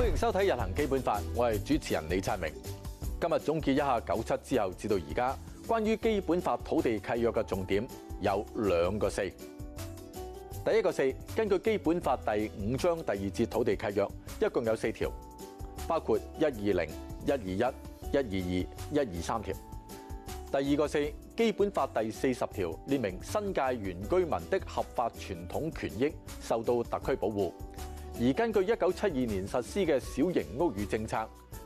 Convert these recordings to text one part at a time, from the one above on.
歡迎收睇《日行基本法》，我係主持人李燦明。今日總結一下九七之後至到而家關於基本法土地契約嘅重點有兩個四。第一個四，根據基本法第五章第二節土地契約，一共有四條，包括一二零、一二一、一二二、一二三條。第二個四，基本法第四十條列明新界原居民的合法傳統權益受到特區保護。而根據一九七二年實施嘅小型屋宇政策，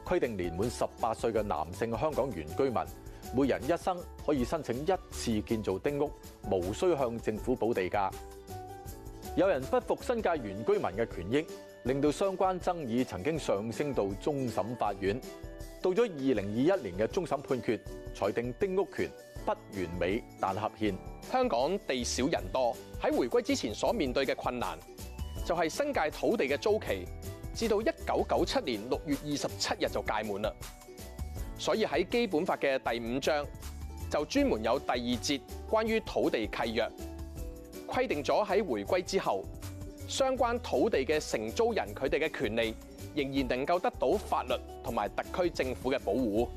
規定年滿十八歲嘅男性香港原居民，每人一生可以申請一次建造丁屋，無需向政府補地價。有人不服新界原居民嘅權益，令到相關爭議曾經上升到終審法院。到咗二零二一年嘅終審判決，裁定丁屋權不完美但合憲。香港地少人多，喺回歸之前所面對嘅困難。就係新界土地嘅租期，至到一九九七年六月二十七日就屆滿啦。所以喺基本法嘅第五章就專門有第二節關於土地契約，規定咗喺回歸之後，相關土地嘅承租人佢哋嘅權利仍然能夠得到法律同埋特區政府嘅保護。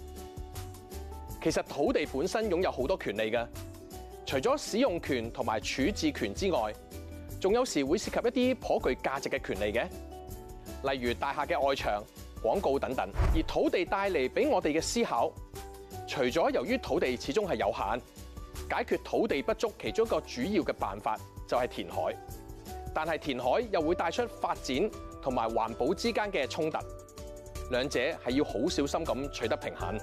其實土地本身擁有好多權利嘅，除咗使用權同埋處置權之外，仲有時會涉及一啲頗具價值嘅權利嘅，例如大廈嘅外牆、廣告等等。而土地帶嚟俾我哋嘅思考，除咗由於土地始終係有限，解決土地不足其中一個主要嘅辦法就係填海，但係填海又會帶出發展同埋環保之間嘅衝突，兩者係要好小心咁取得平衡。